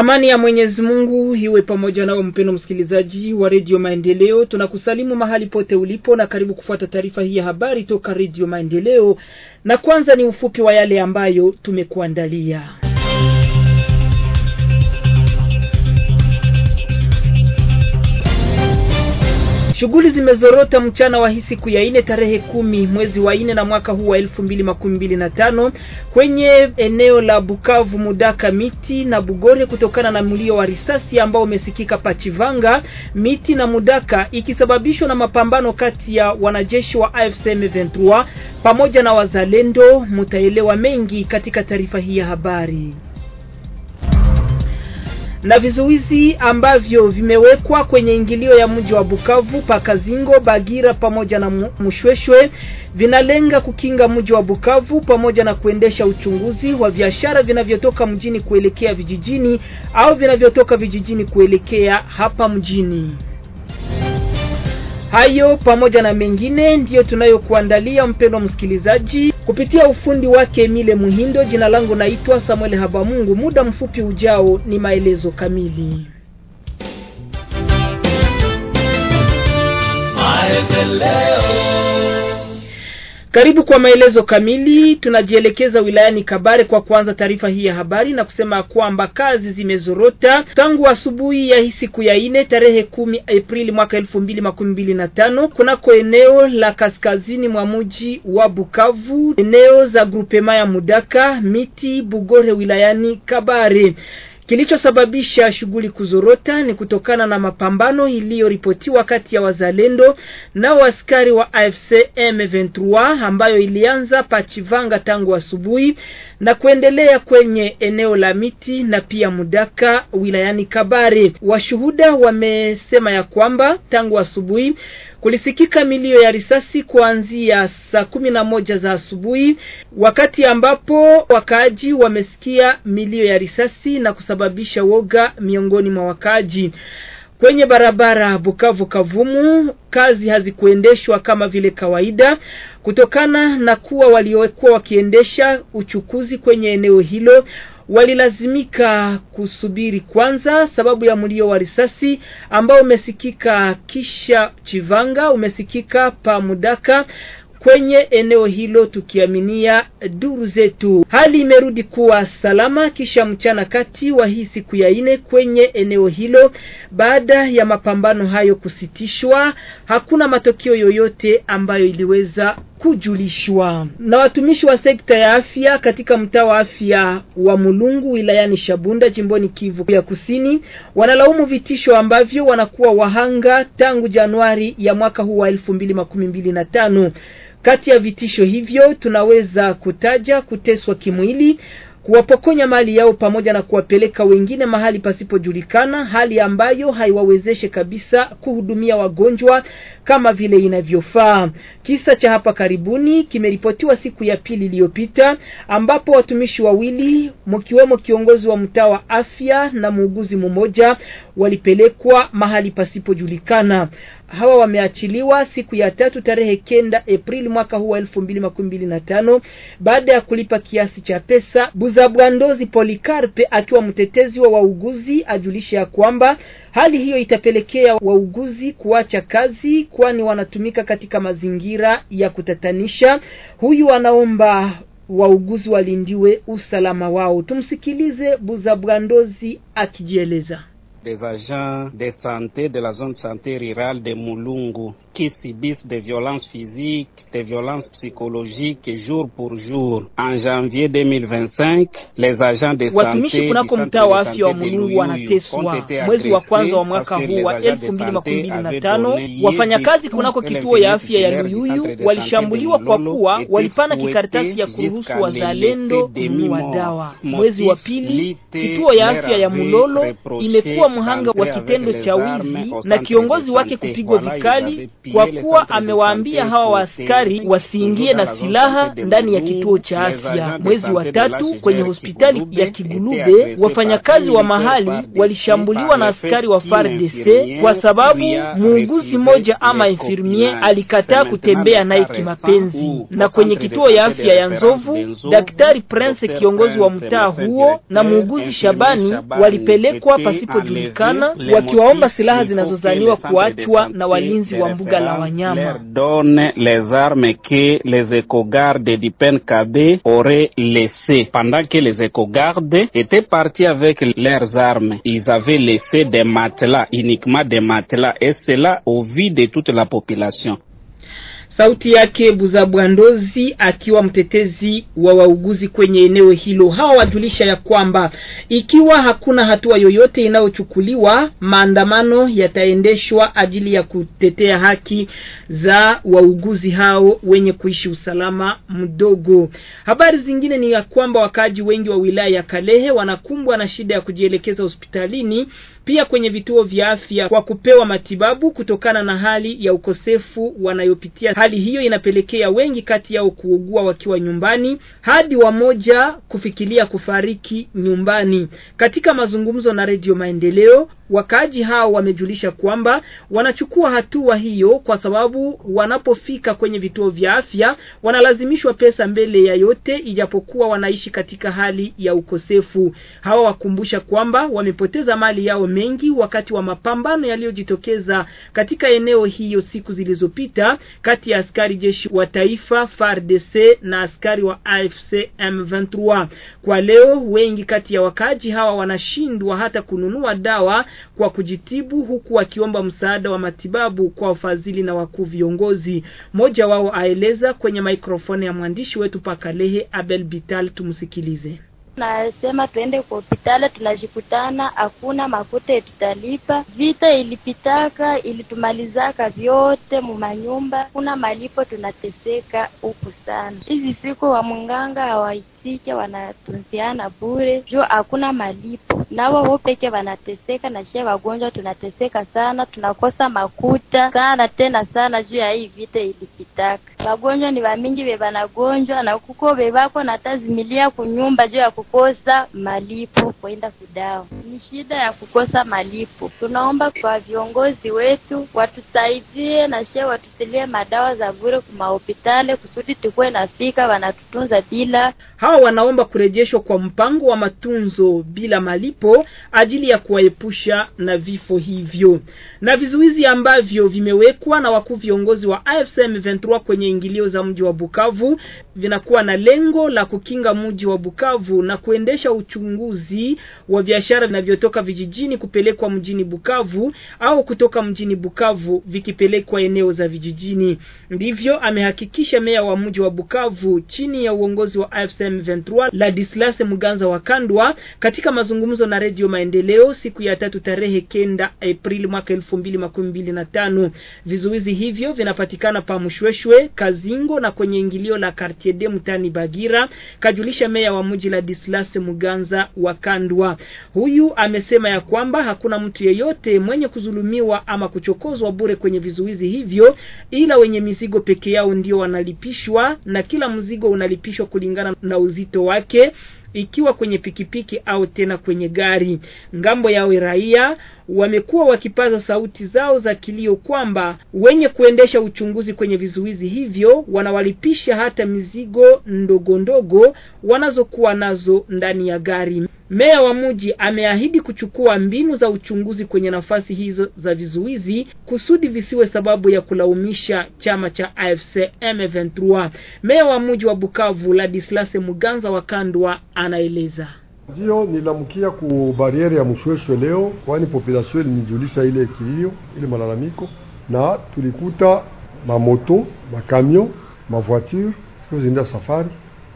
Amani ya Mwenyezi Mungu iwe pamoja nao, mpendo msikilizaji wa Redio Maendeleo, tunakusalimu mahali pote ulipo na karibu kufuata taarifa hii ya habari toka Redio Maendeleo, na kwanza ni ufupi wa yale ambayo tumekuandalia. Shughuli zimezorota mchana wa hii siku ya ine tarehe kumi mwezi wa ine na mwaka huu wa elfu mbili makumi mbili na tano kwenye eneo la Bukavu, Mudaka, Miti na Bugore, kutokana na mlio wa risasi ambao umesikika Pachivanga, Miti na Mudaka, ikisababishwa na mapambano kati ya wanajeshi wa AFC M23 pamoja na wazalendo. Mutaelewa mengi katika taarifa hii ya habari na vizuizi ambavyo vimewekwa kwenye ingilio ya mji wa Bukavu Pakazingo, Bagira pamoja na Mushweshwe vinalenga kukinga mji wa Bukavu pamoja na kuendesha uchunguzi wa biashara vinavyotoka mjini kuelekea vijijini au vinavyotoka vijijini kuelekea hapa mjini. Hayo pamoja na mengine ndiyo tunayokuandalia mpendwa msikilizaji, kupitia ufundi wake emile Muhindo. Jina langu naitwa Samuel Habamungu. Muda mfupi ujao ni maelezo kamili. Maendeleo. Karibu kwa maelezo kamili. Tunajielekeza wilayani Kabare kwa kuanza taarifa hii ya habari na kusema kwamba kazi zimezorota tangu asubuhi ya hii siku ya ine tarehe kumi Aprili mwaka elfu mbili makumi mbili na tano kunako eneo la kaskazini mwa mji wa Bukavu, eneo za grupema ya Mudaka, Miti, Bugore wilayani Kabare. Kilichosababisha shughuli kuzorota ni kutokana na mapambano iliyoripotiwa kati ya wazalendo na waskari wa AFC M23 ambayo ilianza Pachivanga tangu asubuhi na kuendelea kwenye eneo la miti na pia Mudaka wilayani Kabare. Washuhuda wamesema ya kwamba tangu asubuhi kulisikika milio ya risasi kuanzia saa kumi na moja za asubuhi, wakati ambapo wakaaji wamesikia milio ya risasi na kusababisha woga miongoni mwa wakaaji. Kwenye barabara Bukavu Kavumu, kazi hazikuendeshwa kama vile kawaida kutokana na kuwa waliokuwa wakiendesha uchukuzi kwenye eneo hilo walilazimika kusubiri kwanza sababu ya mlio wa risasi ambao umesikika kisha Chivanga, umesikika pa Mudaka kwenye eneo hilo, tukiaminia duru zetu. Hali imerudi kuwa salama kisha mchana kati wa hii siku ya ine kwenye eneo hilo, baada ya mapambano hayo kusitishwa. Hakuna matokeo yoyote ambayo iliweza kujulishwa na watumishi wa sekta ya afya katika mtaa wa afya wa Mulungu wilayani Shabunda jimboni Kivu ya Kusini wanalaumu vitisho ambavyo wanakuwa wahanga tangu Januari ya mwaka huu wa elfu mbili makumi mbili na tano. Kati ya vitisho hivyo tunaweza kutaja kuteswa kimwili, kuwapokonya mali yao pamoja na kuwapeleka wengine mahali pasipojulikana, hali ambayo haiwawezeshe kabisa kuhudumia wagonjwa kama vile inavyofaa. Kisa cha hapa karibuni kimeripotiwa siku ya pili iliyopita, ambapo watumishi wawili mkiwemo kiongozi wa mtaa wa afya na muuguzi mmoja walipelekwa mahali pasipojulikana hawa wameachiliwa siku ya tatu tarehe kenda Aprili mwaka huu wa elfu mbili makumi mbili na tano baada ya kulipa kiasi cha pesa. Buzabwandozi Polikarpe akiwa mtetezi wa wauguzi ajulisha ya kwamba hali hiyo itapelekea wauguzi kuacha kazi, kwani wanatumika katika mazingira ya kutatanisha. Huyu anaomba wauguzi walindiwe usalama wao. Tumsikilize Buzabwandozi akijieleza des agents de santé de la zone santé rurale de Moulungu qui subissent des violences physiques, des violences psychologiques jour pour jour. En janvier 2025, les agents de watumishi kunako mtaa wa afya wa Mulungu wanateswa. Mwezi wa kwanza wa mwaka huu wa 2025 wafanyakazi kunako kituo ya afya ya Luyuyu walishambuliwa kwa kuwa walipana kikaratasi ya kuruhusu wazalendo kununua dawa. Mwezi wa pili, kituo ya afya ya Mulolo imekuwa muhanga wa kitendo cha wizi na kiongozi wake kupigwa vikali, kwa kuwa amewaambia hawa waaskari wasiingie na silaha ndani ya kituo cha afya. Mwezi wa tatu kwenye hospitali ya Kigulube, wafanyakazi wa mahali walishambuliwa na askari wa FARDC kwa sababu muuguzi mmoja ama infirmier alikataa kutembea naye kimapenzi. Na kwenye kituo ya afya ya Nzovu, daktari Prince, kiongozi wa mtaa huo, na muuguzi Shabani walipelekwa pasipo wanajulikana wakiwaomba silaha zinazozaniwa kuachwa na walinzi wa mbuga la wanyama. Pendant que les ecogardes étaient partis avec leurs armes, ils avaient laissé des matelas, uniquement des matelas, et cela au vu de toute la population. Sauti yake Buza Bwandozi akiwa mtetezi wa wauguzi kwenye eneo hilo. Hawa wajulisha ya kwamba ikiwa hakuna hatua yoyote inayochukuliwa, maandamano yataendeshwa ajili ya kutetea haki za wauguzi hao wenye kuishi usalama mdogo. Habari zingine ni ya kwamba wakaaji wengi wa wilaya ya Kalehe wanakumbwa na shida ya kujielekeza hospitalini pia kwenye vituo vya afya kwa kupewa matibabu kutokana na hali ya ukosefu wanayopitia. Hali hiyo inapelekea wengi kati yao kuugua wakiwa nyumbani hadi wamoja kufikiria kufariki nyumbani. Katika mazungumzo na Redio Maendeleo, wakaaji hao wamejulisha kwamba wanachukua hatua hiyo kwa sababu wanapofika kwenye vituo vya afya wanalazimishwa pesa mbele ya yote, ijapokuwa wanaishi katika hali ya ukosefu. Hawa wakumbusha kwamba wamepoteza mali yao mengi wakati wa mapambano yaliyojitokeza katika eneo hiyo siku zilizopita kati ya askari jeshi wa taifa FARDC na askari wa AFC M23. Kwa leo wengi kati ya wakaaji hawa wanashindwa hata kununua dawa kwa kujitibu, huku wakiomba msaada wa matibabu kwa wafadhili na wakuu viongozi. Mmoja wao aeleza kwenye mikrofoni ya mwandishi wetu Pakalehe Abel Bital, tumsikilize. Nasema tuende kwa hospitali, tunajikutana hakuna makuta tutalipa. Vita ilipitaka ilitumalizaka vyote mumanyumba, kuna malipo, tunateseka huku sana. Hizi siku wa munganga hawa wanahusika wanatunziana bure juu hakuna malipo, na wao peke wanateseka, na shie wagonjwa tunateseka sana, tunakosa makuta sana tena sana juu ya hii vita ilipitaka. Wagonjwa ni wamingi wanagonjwa na kuko wevako natazimilia kunyumba juu ya kukosa malipo kwenda kudawa ni shida ya kukosa malipo. Tunaomba kwa viongozi wetu watusaidie na shia watutilie madawa za bure kumahopitali kusudi tukuwe nafika wanatutunza bila. Hawa wanaomba kurejeshwa kwa mpango wa matunzo bila malipo ajili ya kuwaepusha na vifo hivyo na vizuizi ambavyo vimewekwa na wakuu viongozi wa AFC M23 kwenye ingilio za mji wa Bukavu vinakuwa na lengo la kukinga mji wa Bukavu na kuendesha uchunguzi wa biashara na vinavyotoka vijijini kupelekwa mjini Bukavu au kutoka mjini Bukavu vikipelekwa eneo za vijijini. Ndivyo amehakikisha meya wa mji wa Bukavu chini ya uongozi wa AFC M23 Ladislas Muganza wa Kandwa katika mazungumzo na Radio Maendeleo siku ya tatu tarehe kenda Aprili mwaka elfu mbili makumi mbili na tano. Vizuizi hivyo vinapatikana pa Mshweshwe, Kazingo na kwenye ingilio la Quartier de Mtani Bagira, kajulisha meya wa mji Ladislas Muganza wa Kandwa. Huyu amesema ya kwamba hakuna mtu yeyote mwenye kuzulumiwa ama kuchokozwa bure kwenye vizuizi hivyo, ila wenye mizigo peke yao ndio wanalipishwa, na kila mzigo unalipishwa kulingana na uzito wake ikiwa kwenye pikipiki au tena kwenye gari. Ngambo yao raia wamekuwa wakipaza sauti zao za kilio kwamba wenye kuendesha uchunguzi kwenye vizuizi hivyo wanawalipisha hata mizigo ndogo ndogo wanazokuwa nazo ndani ya gari. Meya wa mji ameahidi kuchukua mbinu za uchunguzi kwenye nafasi hizo za vizuizi kusudi visiwe sababu ya kulaumisha chama cha AFC M23. Meya wa mji wa Bukavu Ladislas Muganza wa Kandwa anaeleza. Ndio nilamkia ku bariere ya Mushweshwe leo, kwani population ilinijulisha ile kilio ile malalamiko, na tulikuta mamoto, makamio, mavoiture zinda safari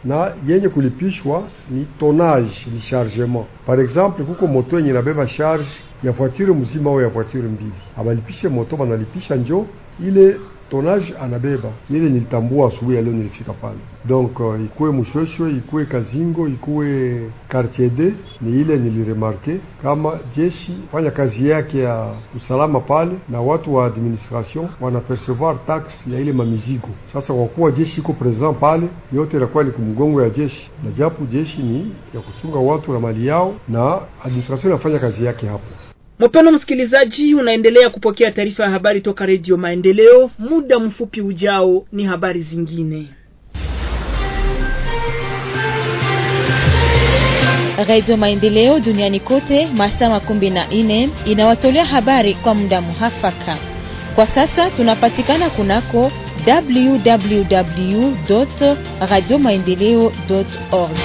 na yenye kulipishwa ni tonnage, ni chargement. Par exemple, kuko moto yenye nabeba charge ya voiture mzima au ya voiture mbili, abalipishe moto, banalipisha njo ile tonage anabeba ile nilitambua asubuhi ya leo nilifika pale. Donc uh, ikuwe Mushweshwe, ikuwe Kazingo, ikuwe Quartier D, ni ile niliremarke kama jeshi fanya kazi yake ya usalama pale, na watu wa administration wanapercevoir tax ya ile mamizigo. Sasa kwa kuwa jeshi iko present pale, yote inakuwa ni kumgongo ya jeshi, na japo jeshi ni ya kuchunga watu na mali yao, na administration inafanya kazi yake hapo. Mpendwa msikilizaji, unaendelea kupokea taarifa ya habari toka Redio Maendeleo. Muda mfupi ujao ni habari zingine. Redio Maendeleo duniani kote masaa makumi na nne inawatolea habari kwa muda muhafaka. Kwa sasa tunapatikana kunako www radio maendeleo org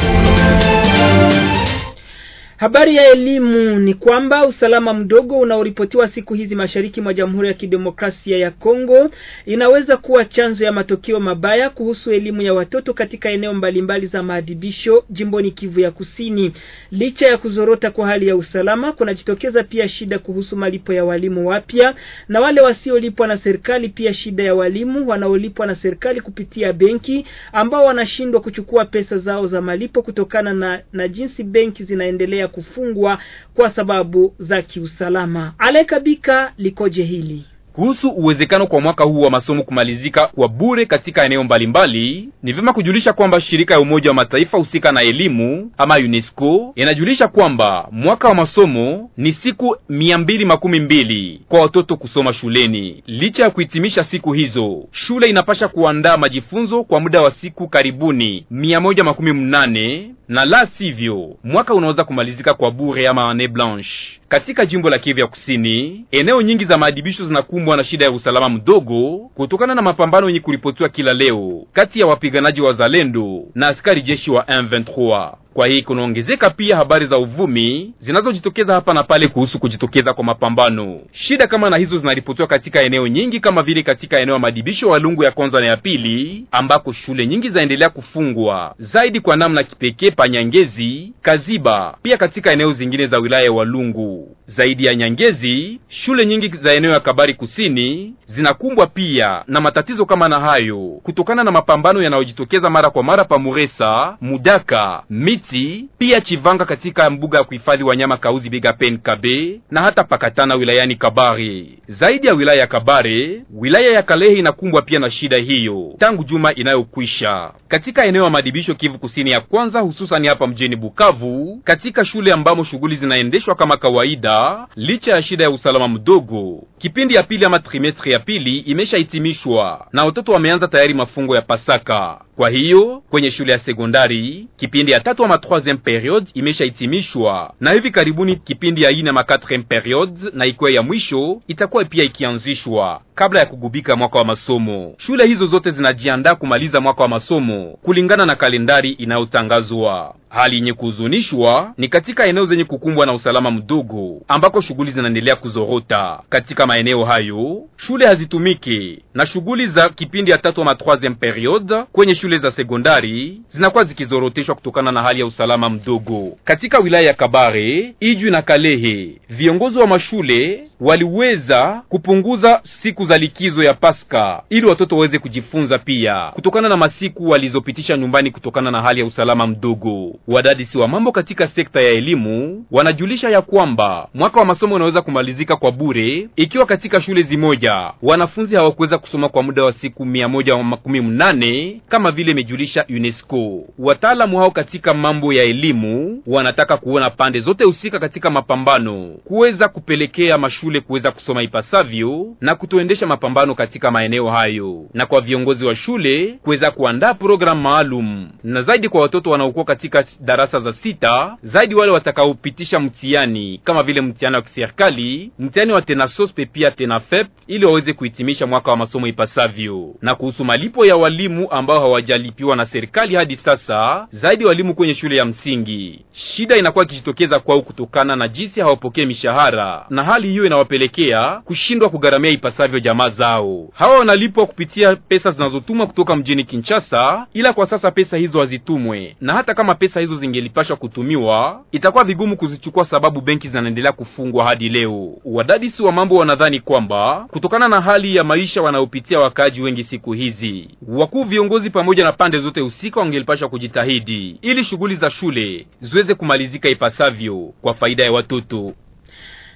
Habari ya elimu ni kwamba usalama mdogo unaoripotiwa siku hizi mashariki mwa Jamhuri ya Kidemokrasia ya Kongo inaweza kuwa chanzo ya matokeo mabaya kuhusu elimu ya watoto katika eneo mbalimbali za maadhibisho jimboni Kivu ya Kusini. Licha ya kuzorota kwa hali ya usalama, kunajitokeza pia shida kuhusu malipo ya walimu wapya na wale wasiolipwa na serikali, pia shida ya walimu wanaolipwa na serikali kupitia benki ambao wanashindwa kuchukua pesa zao za malipo kutokana na, na jinsi benki zinaendelea kufungwa kwa sababu za kiusalama. Alekabika likoje hili? kuhusu uwezekano kwa mwaka huu wa masomo kumalizika kwa bure katika eneo mbalimbali, ni vyema kujulisha kwamba shirika ya Umoja wa Mataifa husika na elimu ama UNESCO inajulisha kwamba mwaka wa masomo ni siku mia mbili makumi mbili kwa watoto kusoma shuleni. Licha ya kuhitimisha siku hizo, shule inapasha kuandaa majifunzo kwa muda wa siku karibuni mia moja makumi mnane na la sivyo mwaka unaweza kumalizika kwa bure ama annee blanche. Katika jimbo la Kivu ya Kusini, eneo nyingi za maadibisho zinakumbwa na shida ya usalama mdogo kutokana na mapambano yenye kuripotiwa kila leo kati ya wapiganaji wa Zalendo na askari jeshi wa M23. Kwa hii kunaongezeka pia habari za uvumi zinazojitokeza hapa na pale kuhusu kujitokeza kwa mapambano. Shida kama na hizo zinaripotiwa katika eneo nyingi, kama vile katika eneo ya madibisho wa Lungu ya kwanza na ya pili, ambako shule nyingi zaendelea kufungwa zaidi kwa namna kipekee pa Nyangezi, Kaziba, pia katika eneo zingine za wilaya ya Walungu. Zaidi ya Nyangezi, shule nyingi za eneo ya Kabari Kusini zinakumbwa pia na matatizo kama na hayo kutokana na mapambano yanayojitokeza mara kwa mara pa Muresa, Mudaka, Miti Masisi, pia Chivanga katika mbuga ya kuhifadhi wanyama Kauzi Biga Pen Kabe na hata Pakatana wilayani Kabare. Zaidi ya wilaya ya Kabare, wilaya ya Kalehe inakumbwa pia na shida hiyo tangu juma inayokwisha katika eneo ya madibisho Kivu Kusini ya kwanza, hususani hapa mjini Bukavu katika shule ambamo shughuli zinaendeshwa kama kawaida licha ya shida ya usalama mdogo. Kipindi ya pili ama trimestre ya pili imeshahitimishwa na watoto wameanza tayari mafungo ya Pasaka. Kwa hiyo kwenye shule ya sekondari kipindi ya tatu ama troisième periode imeshahitimishwa na hivi karibuni kipindi ya ine ma quatrième periode na ikuwa ya mwisho itakuwa pia ikianzishwa kabla ya kugubika mwaka wa masomo. Shule hizo zote zinajiandaa kumaliza mwaka wa masomo kulingana na kalendari inayotangazwa. Hali yenye kuhuzunishwa ni katika eneo zenye kukumbwa na usalama mdogo, ambako shughuli zinaendelea kuzorota. Katika maeneo hayo shule hazitumiki na shughuli za kipindi ya tatu ama troisieme periode kwenye shule za sekondari zinakuwa zikizoroteshwa kutokana na hali ya usalama mdogo. Katika wilaya ya Kabare, Ijwi na Kalehe, viongozi wa mashule waliweza kupunguza siku kujifunza likizo ya paska ili watoto waweze kujifunza pia kutokana na masiku walizopitisha nyumbani kutokana na hali ya usalama mdogo. Wadadisi wa mambo katika sekta ya elimu wanajulisha ya kwamba mwaka wa masomo unaweza kumalizika kwa bure ikiwa katika shule zimoja wanafunzi hawakuweza kusoma kwa muda wa siku mia moja makumi mnane kama vile imejulisha UNESCO. Wataalamu hao katika mambo ya elimu wanataka kuona pande zote husika katika mapambano kuweza kupelekea mashule kuweza kusoma ipasavyo na kutoendesha kuendesha mapambano katika maeneo hayo, na kwa viongozi wa shule kuweza kuandaa programu maalum, na zaidi kwa watoto wanaokuwa katika darasa za sita, zaidi wale watakaopitisha mtihani kama vile mtihani wa kiserikali, mtihani wa tenasospe pia tenafep, ili waweze kuhitimisha mwaka wa masomo ipasavyo. Na kuhusu malipo ya walimu ambao hawajalipiwa na serikali hadi sasa, zaidi walimu kwenye shule ya msingi, shida inakuwa ikijitokeza kwao kutokana na jinsi hawapokee mishahara, na hali hiyo inawapelekea kushindwa kugharamia ipasavyo jamaa zao. Hawa wanalipwa kupitia pesa zinazotumwa kutoka mjini Kinshasa, ila kwa sasa pesa hizo hazitumwe, na hata kama pesa hizo zingelipashwa kutumiwa itakuwa vigumu kuzichukua, sababu benki zinaendelea kufungwa hadi leo. Wadadisi wa mambo wanadhani kwamba kutokana na hali ya maisha wanayopitia wakaaji wengi siku hizi, wakuu viongozi pamoja na pande zote husika wangelipashwa kujitahidi ili shughuli za shule ziweze kumalizika ipasavyo kwa faida ya watoto.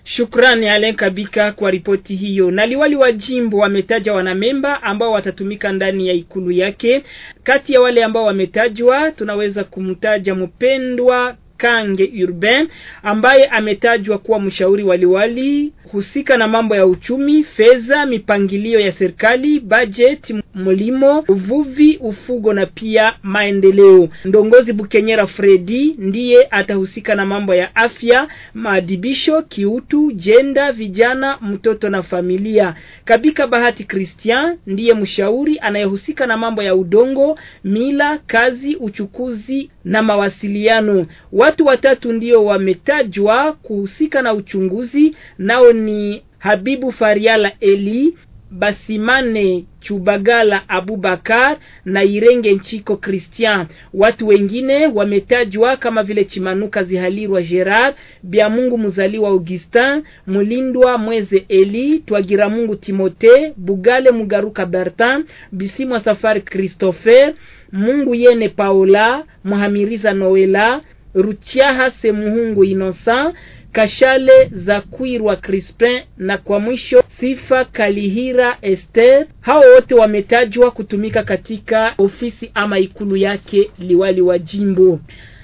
Shukrani Alen Kabika kwa ripoti hiyo. Na liwali wa jimbo wametaja wanamemba ambao watatumika ndani ya ikulu yake. Kati ya wale ambao wametajwa tunaweza kumtaja mpendwa Kange Urbain ambaye ametajwa kuwa mshauri waliwali husika na mambo ya uchumi, fedha, mipangilio ya serikali, budget, mlimo, uvuvi, ufugo na pia maendeleo. Ndongozi Bukenyera Fredi ndiye atahusika na mambo ya afya, maadibisho, kiutu, jenda, vijana, mtoto na familia. Kabika Bahati Christian ndiye mshauri anayehusika na mambo ya udongo, mila, kazi, uchukuzi na mawasiliano. Watu watatu ndio wametajwa kuhusika na uchunguzi, nao ni Habibu Fariala Eli, Basimane Chubagala Abubakar na Irenge Nchiko Christian. Watu wengine wametajwa kama vile Chimanuka Zihalirwa Gerard, Biamungu Muzaliwa Augustin, Mulindwa Mweze Eli, twagira mungu Timote, Bugale Mugaruka Bertin, Bisimwa Safari Christopher, Mungu Yene Paola, Muhamiriza Noela Ruchaha Semuhungu Inosa, Kashale za Kwirwa Crispin na kwa mwisho Sifa Kalihira Esther. Hao wote wametajwa kutumika katika ofisi ama ikulu yake liwali wa jimbo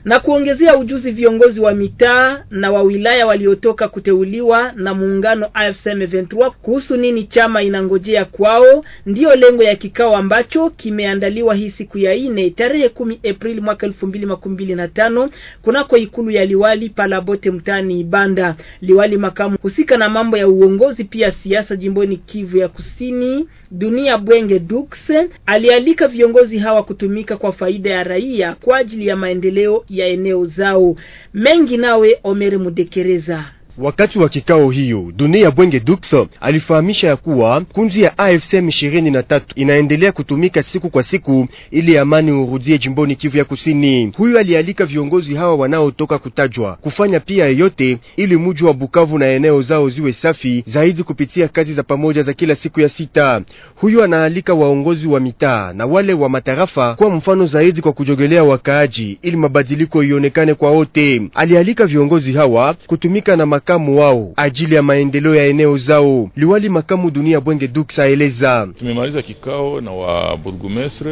na kuongezea ujuzi viongozi wa mitaa na wa wilaya waliotoka kuteuliwa na muungano AFSM 23 kuhusu nini chama inangojea kwao, ndiyo lengo ya kikao ambacho kimeandaliwa hii siku ya ine tarehe 10 Aprili mwaka 2025 kunako ikulu ya liwali Palabote mtaani Ibanda. Liwali makamu husika na mambo ya uongozi pia siasa jimboni Kivu ya Kusini, Dunia Bwenge Dukse, alialika viongozi hawa kutumika kwa faida ya raia kwa ajili ya maendeleo ya eneo zao mengi. Nawe Omeri Mudekereza. Wakati wa kikao hiyo, Dunia ya Bwenge Dux alifahamisha ya kuwa kunzi ya AFC M23 inaendelea kutumika siku kwa siku ili amani urudie jimboni Kivu ya Kusini. Huyu alialika viongozi hawa wanaotoka kutajwa kufanya pia yote ili mji wa Bukavu na eneo zao ziwe safi zaidi kupitia kazi za pamoja za kila siku ya sita. Huyu anaalika waongozi wa mitaa na wale wa matarafa kwa mfano zaidi kwa kujogelea wakaaji ili mabadiliko ionekane kwa wote. Alialika viongozi hawa kutumika na makamu wao ajili ya maendeleo ya eneo zao. Liwali makamu dunia Bwenge Dux aeleza, tumemaliza kikao na wa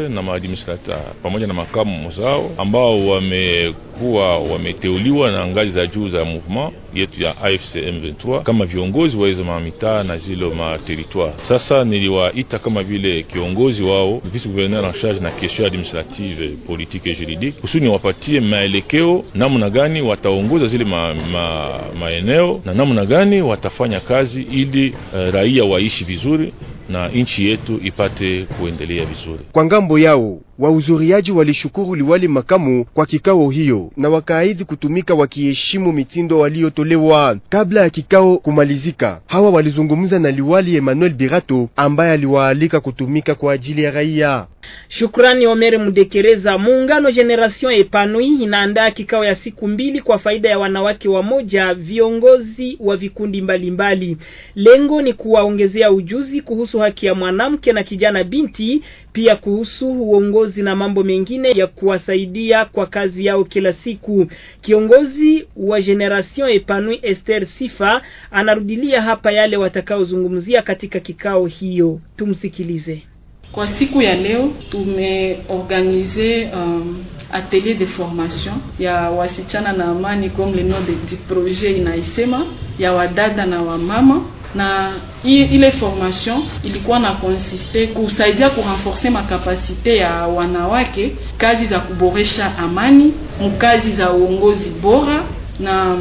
na maadministrata pamoja na makamu zao ambao wamekuwa wameteuliwa na ngazi za juu za mouvement yetu ya AFC M23 kama viongozi wa hizo mamitaa na zilo ma territoire. Sasa niliwaita kama vile kiongozi wao vice gouverneur en charge na question administrative politique et juridique, kusudi wapatie maelekeo namna gani wataongoza zile ma, ma, maeneo na namna gani watafanya kazi ili uh, raia waishi vizuri na nchi yetu ipate kuendelea vizuri. Kwa ngambo yao wahudhuriaji walishukuru liwali makamu kwa kikao hiyo na wakaahidi kutumika wakiheshimu mitindo waliotolewa kabla ya kikao kumalizika. Hawa walizungumza na liwali Emmanuel Birato ambaye aliwaalika kutumika kwa ajili ya raia. Shukrani Omeri Mudekereza. Muungano Generation Epanui inaandaa kikao ya siku mbili kwa faida ya wanawake wamoja viongozi wa vikundi mbalimbali. Lengo ni kuwaongezea ujuzi kuhusu haki ya mwanamke na kijana binti, pia kuhusu uongozi na mambo mengine ya kuwasaidia kwa kazi yao kila siku. Kiongozi wa Generation Epanui Esther Sifa anarudilia hapa yale watakaozungumzia katika kikao hiyo. Tumsikilize. Kwa siku ya leo tumeorganize um, atelier de formation ya wasichana na amani comme le nom de projet inaisema ya wadada na wamama na ile formation ilikuwa na konsiste kusaidia kurenforce makapasite ya wanawake kazi za kuboresha amani mkazi za uongozi bora na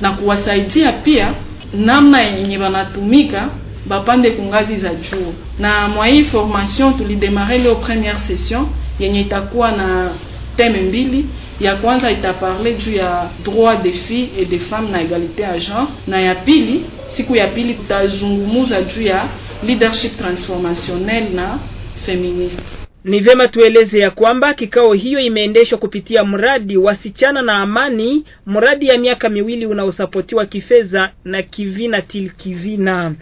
na kuwasaidia pia namna yenye wanatumika bapande kungazi za juu, na mwa hii formation tulidemare leo premiere session yenye itakuwa na teme mbili. Ya kwanza itaparle juu ya droit des filles et des femmes na egalite a genre, na ya pili, siku ya pili tutazungumuza juu ya leadership transformationnel na feminist. Ni vema tueleze ya kwamba kikao hiyo imeendeshwa kupitia mradi wasichana na amani, mradi ya miaka miwili unaosapotiwa kifedha na Kivina Til Kivina.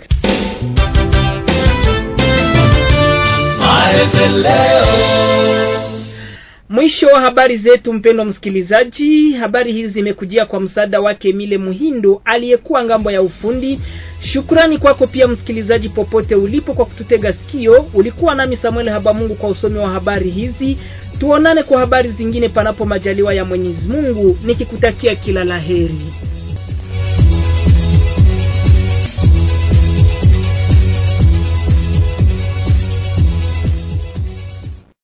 Mwisho wa habari zetu, mpendwa msikilizaji, habari hizi zimekujia kwa msaada wake Mile Muhindo aliyekuwa ngambo ya ufundi. Shukrani kwako pia msikilizaji, popote ulipo kwa kututega sikio. Ulikuwa nami Samuel Habamungu kwa usomi wa habari hizi. Tuonane kwa habari zingine, panapo majaliwa ya Mwenyezi Mungu, nikikutakia kila laheri.